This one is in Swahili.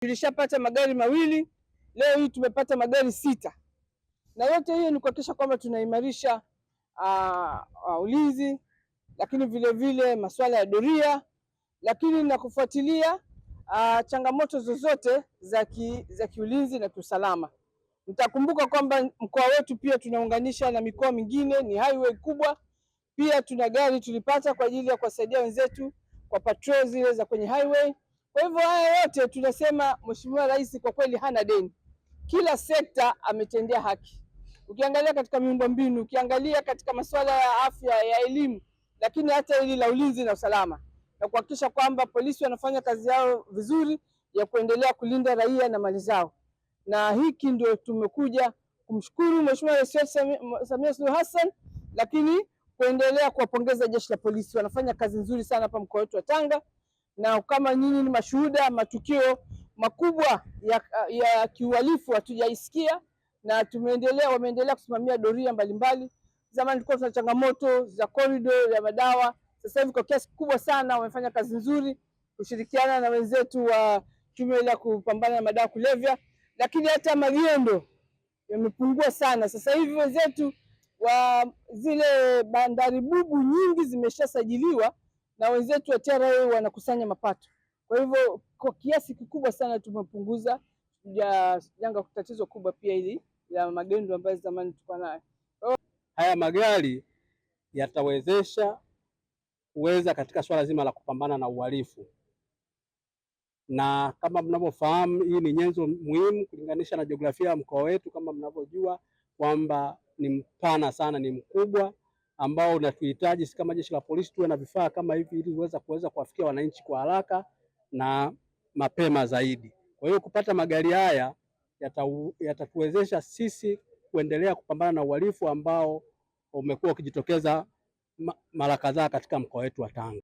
Tulishapata magari mawili, leo hii tumepata magari sita, na yote hiyo ni kuhakikisha kwamba tunaimarisha uh, ulinzi, lakini vilevile masuala ya doria, lakini na kufuatilia uh, changamoto zozote za ki, za kiulinzi na kiusalama. Mtakumbuka kwamba mkoa wetu pia tunaunganisha na mikoa mingine, ni highway kubwa. Pia tuna gari tulipata kwa ajili ya kuwasaidia wenzetu kwa patrol zile za kwenye highway. Kwa hivyo haya yote tunasema Mheshimiwa Rais kwa kweli hana deni, kila sekta ametendea haki. Ukiangalia katika miundombinu, ukiangalia katika masuala ya afya, ya elimu, lakini hata hili la ulinzi na usalama na kuhakikisha kwamba polisi wanafanya kazi yao vizuri ya kuendelea kulinda raia na mali zao, na hiki ndio tumekuja kumshukuru Mheshimiwa Rais Samia Suluhu Hassan, lakini kuendelea kuwapongeza jeshi la polisi, wanafanya kazi nzuri sana hapa mkoa wetu wa Tanga na kama nyinyi ni mashuhuda, matukio makubwa ya, ya kiuhalifu hatujaisikia, na tumeendelea wameendelea kusimamia doria mbalimbali. Zamani tulikuwa tuna changamoto za korido ya madawa, sasa hivi kwa kiasi kikubwa sana wamefanya kazi nzuri kushirikiana na wenzetu wa tume la kupambana na madawa kulevya, lakini hata magendo yamepungua sana. Sasa hivi wenzetu wa zile bandari bubu nyingi zimeshasajiliwa na wenzetu wa TRA wanakusanya mapato. Kwa hivyo kwa kiasi kikubwa sana tumepunguza ya janga tatizo kubwa pia hili la magendo ambayo zamani tulikuwa nayo. Haya magari yatawezesha kuweza katika swala zima la kupambana na uhalifu, na kama mnavyofahamu, hii ni nyenzo muhimu kulinganisha na jiografia ya mkoa wetu, kama mnavyojua kwamba ni mpana sana, ni mkubwa ambao unatuhitaji kama jeshi la polisi tuwe na vifaa kama hivi ili uweza kuweza kuwafikia wananchi kwa haraka na mapema zaidi. Kwa hiyo kupata magari haya yatatuwezesha yata sisi kuendelea kupambana na uhalifu ambao umekuwa ukijitokeza mara kadhaa katika mkoa wetu wa Tanga.